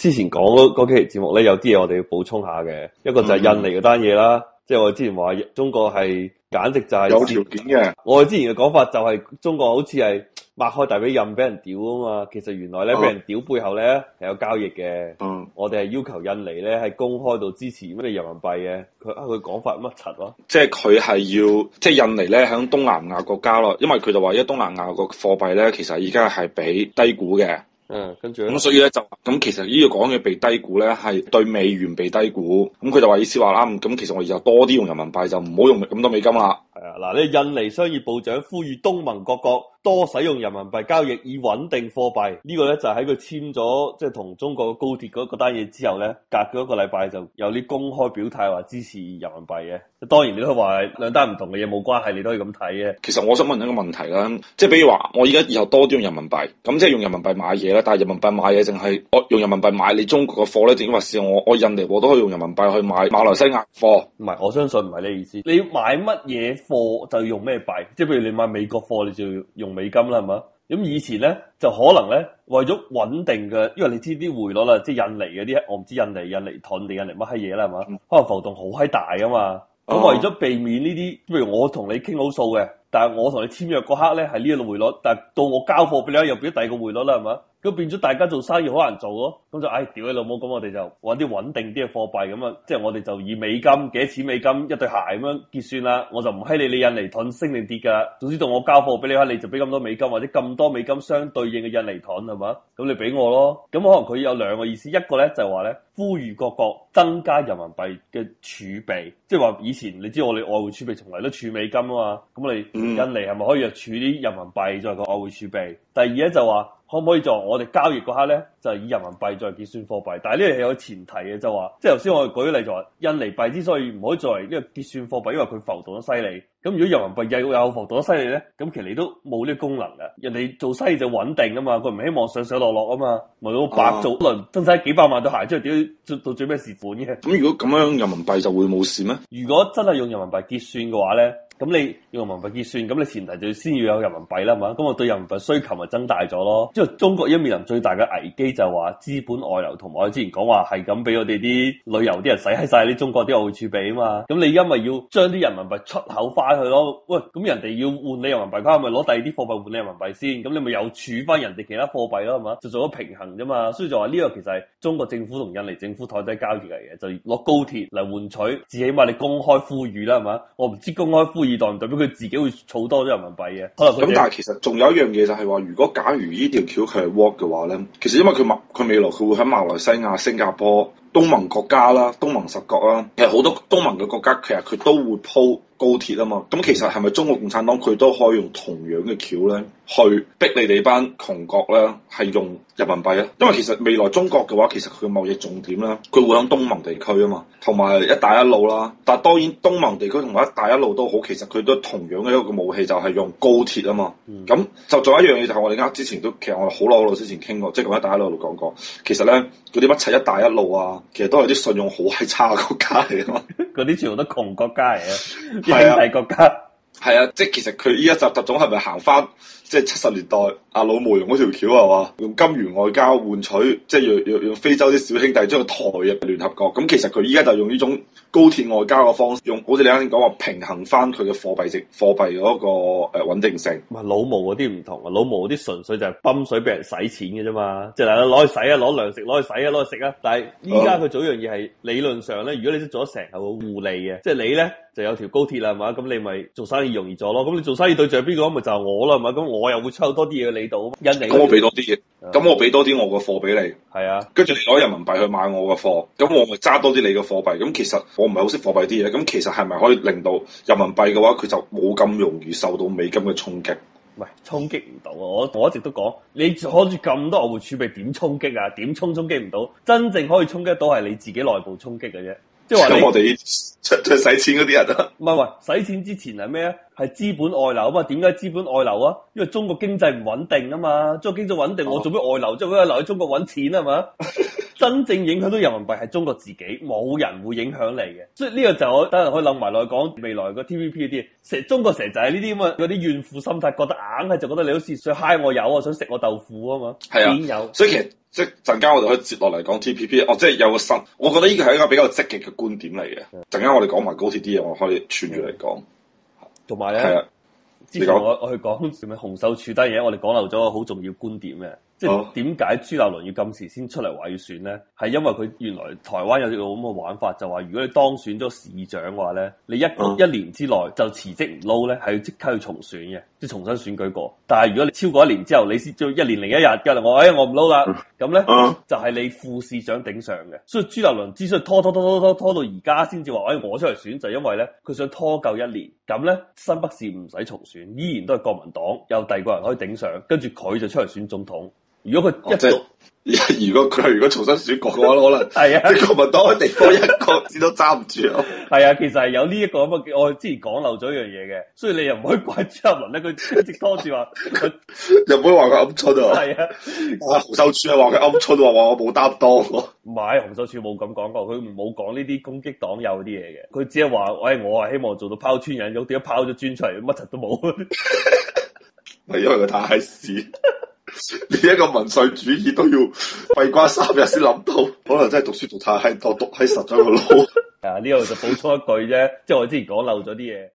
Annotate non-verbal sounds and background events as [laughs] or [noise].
之前講嗰期節目咧，有啲嘢我哋要補充下嘅，一個就係印尼嗰單嘢啦，嗯、即係我，我之前話中國係簡直就係有條件嘅。我哋之前嘅講法就係中國好似係擘開大髀任俾人屌啊嘛，其實原來咧俾、啊、人屌背後咧係有交易嘅。嗯，我哋係要求印尼咧係公開到支持乜嘢人民幣嘅。佢啊佢講法乜柒咯？即係佢係要，即係印尼咧響東南亞國家咯，因為佢就話，因為東南亞個貨幣咧其實而家係比低估嘅。嗯，跟住咁、嗯、所以咧就咁，其實呢個講嘅被低估咧，係對美元被低估。咁、嗯、佢就話意思話啦，咁、嗯、其實我而家多啲用人民幣就唔好用咁多美金啦。係啊、嗯，嗱、嗯，呢個印尼商業部長呼籲東盟各國多使用人民幣交易以穩定貨幣，這個、呢個咧就喺佢簽咗即係同中國嘅高鐵嗰單嘢之後咧，隔咗一個禮拜就有啲公開表態話支持人民幣嘅。當然你都話兩單唔同嘅嘢冇關係，你都可以咁睇嘅。其實我想問一個問題啦，即係比如話我而家以後多啲用人民幣，咁即係用人民幣買嘢啦。但係人民幣買嘢淨係我用人民幣買你中國嘅貨咧，定抑或是我我印尼我都可以用人民幣去買馬來西亞貨？唔係，我相信唔係呢個意思。你買乜嘢貨就要用咩幣？即係譬如你買美國貨，你就要用。美金啦，係嘛？咁以前咧就可能咧，為咗穩定嘅，因為你知啲匯率啦，即係印尼嗰啲，我唔知印尼，印尼盾，定印尼乜閪嘢啦，係嘛？可能浮動好閪大啊嘛。咁，哦，為咗避免呢啲，譬如我同你傾好數嘅，但係我同你簽約嗰刻咧係呢個匯率，但係到我交貨俾你，又俾咗第二個匯率啦，係嘛？咁變咗大家做生意好難做咯，咁就唉、哎，屌你老母，咁我哋就揾啲穩定啲嘅貨幣咁啊，即係我哋就以美金幾多錢美金一對鞋咁樣結算啦，我就唔閪理你，你印尼盾升定跌噶，總之到我交貨俾你，你就俾咁多美金或者咁多美金相對應嘅印尼盾係嘛？咁你俾我咯，咁可能佢有兩個意思，一個咧就係話咧。呼籲各國增加人民幣嘅儲備，即係話以前你知道我哋外匯儲備從嚟都儲美金啊嘛，咁你印尼係咪可以儲啲人民幣作為個外匯儲備？第二咧就話可唔可以做我哋交易嗰刻咧？就係以人民幣作為結算貨幣，但係呢樣嘢有前提嘅，就話、是、即係頭先我哋舉例就話，印尼幣之所以唔可以作為呢個結算貨幣，因為佢浮動得犀利。咁如果人民幣又有浮動得犀利咧，咁其實你都冇呢個功能嘅。人哋做生意就穩定啊嘛，佢唔希望上上落落啊嘛，咪係白做輪，啊、真使幾百萬對鞋之後屌到最尾蝕款嘅。咁如果咁樣人民幣就會冇事咩？如果真係用人民幣結算嘅話咧？咁你用人民幣結算，咁你前提就先要有人民幣啦嘛，咁我對人民幣需求咪增大咗咯。即係中國而家面臨最大嘅危機就係話資本外流，同埋我之前講話係咁俾我哋啲旅遊啲人使喺晒啲中國啲外匯儲備啊嘛。咁你因為要將啲人民幣出口翻去咯。喂，咁人哋要換你人民幣翻，咪攞第二啲貨幣換你人民幣先。咁你咪又儲翻人哋其他貨幣咯，係嘛？就做咗平衡啫嘛。所以就話呢個其實係中國政府同印尼政府台底交易嘅嘢，就攞高鐵嚟換取，至起碼你公開呼籲啦，係嘛？我唔知公開呼籲。二代代表佢自己會儲多啲人民幣嘅，咁 [noise] 但係，其實仲有一樣嘢就係話，如果假如呢條橋佢係 work 嘅話咧，其實因為佢佢未來佢會喺馬來西亞、新加坡、東盟國家啦、東盟十國啦，其實好多東盟嘅國家其實佢都會鋪。高鐵啊嘛，咁其實係咪中國共產黨佢都可以用同樣嘅橋咧，去逼你哋班窮國咧，係用人民幣啊？因為其實未來中國嘅話，其實佢嘅貿易重點啦，佢會響東盟地區啊嘛，同埋一帶一路啦。但係當然東盟地區同埋一帶一路都好，其實佢都同樣嘅一個武器就係、是、用高鐵啊嘛。咁、嗯、就仲有一樣嘢就係我哋啱之前都，其實我哋好耐好耐之前傾過，即係咁一帶一路度講過，其實咧，嗰啲乜柒一帶一路啊，其實都係啲信用好閪差嘅國家嚟啊。 [laughs] 嗰啲全部都窮國家嚟啊，兄弟國家，係啊，即係其實佢依一集特種係咪行翻即係七十年代？阿老毛用嗰條橋係嘛，用金援外交換取，即係用用用非洲啲小兄弟將佢抬他入聯合國。咁其實佢依家就用呢種高鐵外交嘅方式，用好似你啱先講話平衡翻佢嘅貨幣值、貨幣嗰個誒穩定性。老毛嗰啲唔同啊，老毛啲純粹就係泵水俾人使錢嘅啫嘛，即係攞去使啊，攞糧食攞去使啊，攞去食啊，啊，啊。但係依家佢做一樣嘢係理論上咧，如果你做咗成日會互利嘅，即係你咧就有條高鐵啦，係嘛？咁你咪做生意容易咗咯。咁你做生意對象邊個？咪就係我啦，係嘛？咁我又會抽多啲嘢。俾到，因你都我俾多啲嘢，咁我俾多啲我個貨俾你，係啊，跟住你攞人民幣去買我個貨，咁我咪揸多啲你個貨幣。咁其實我唔係好識貨幣啲嘢，咁其實係咪可以令到人民幣嘅話，佢就冇咁容易受到美金嘅衝擊？喂，衝擊唔到啊！我我一直都講，你攞住咁多外匯儲備，點衝擊啊？點衝？衝擊唔到。真正可以衝擊到係你自己內部衝擊嘅啫。即係話，我哋出出使錢嗰啲人啊，唔係喂，使錢之前係咩啊？係資本外流啊嘛？點解資本外流啊？因為中國經濟唔穩定啊嘛。中國經濟穩定，我做咩外流？做咩留喺中國揾錢啊嘛？ [laughs] 真正影響到人民幣係中國自己，冇人會影響你嘅。所以呢個就我等陣可以諗埋落去講未來個 T P P 啲嘢。成中國成日就係呢啲咁嘅嗰啲怨婦心態，覺得硬係就覺得你好似「想嗨我」我有啊，想食我豆腐啊嘛。係啊，有所以其實即係陣間我哋可以接落嚟講 T P P、哦。我即係有個心，我覺得呢個係一個比較積極嘅觀點嚟嘅。陣間我哋講埋高鐵啲嘢，我可以串住嚟講。同埋咧，的之前我說我去講，做咩洪秀柱低嘢，我哋講漏咗個好重要觀點嘅。即係點解朱立倫要咁遲先出嚟話要選呢？係因為佢原來台灣有隻咁嘅玩法，就話如果你當選咗市長嘅話咧，你一、啊、一年之內就辭職唔撈咧，係要即刻去重選嘅，即、就、係、是、重新選舉過。但係如果你超過一年之後，你先做一年零一日嘅啦，我誒、哎、我唔撈啦，咁咧、啊、就係你副市長頂上嘅。所以朱立倫之所以拖拖拖拖拖拖到而家先至話，誒、哎、我出嚟選，就係、因為咧佢想拖夠一年。咁咧新北市唔使重選，依然都係國民黨有第二個人可以頂上，跟住佢就出嚟選總統。如果佢一、啊、即如果佢如果重新選舉嘅話，可能係啊，喺係國民黨嘅地方一個都揸唔住咯。係啊，其實係有呢、這、一個咁嘅，我之前講漏咗一樣嘢嘅，所以你又唔可以怪朱立倫咧，佢一直拖住話 [laughs] [laughs] 又唔可以話佢噏春啊。係 [laughs] 啊，啊洪秀柱話佢噏春，話我冇擔當。唔係洪秀柱冇咁講過，佢冇講呢啲攻擊黨友啲嘢嘅，佢只係話，喂，我係希望做到拋磚引玉，點解拋咗磚出嚟乜柒都冇？係 [laughs] [laughs] [laughs] [laughs] [laughs] 因為佢太屎。連一個民粹主義都要閉關三日先諗到，可能真係讀書讀太多，讀喺實咗個腦。啊，呢度就補充一句啫， [laughs] 即係我之前講漏咗啲嘢。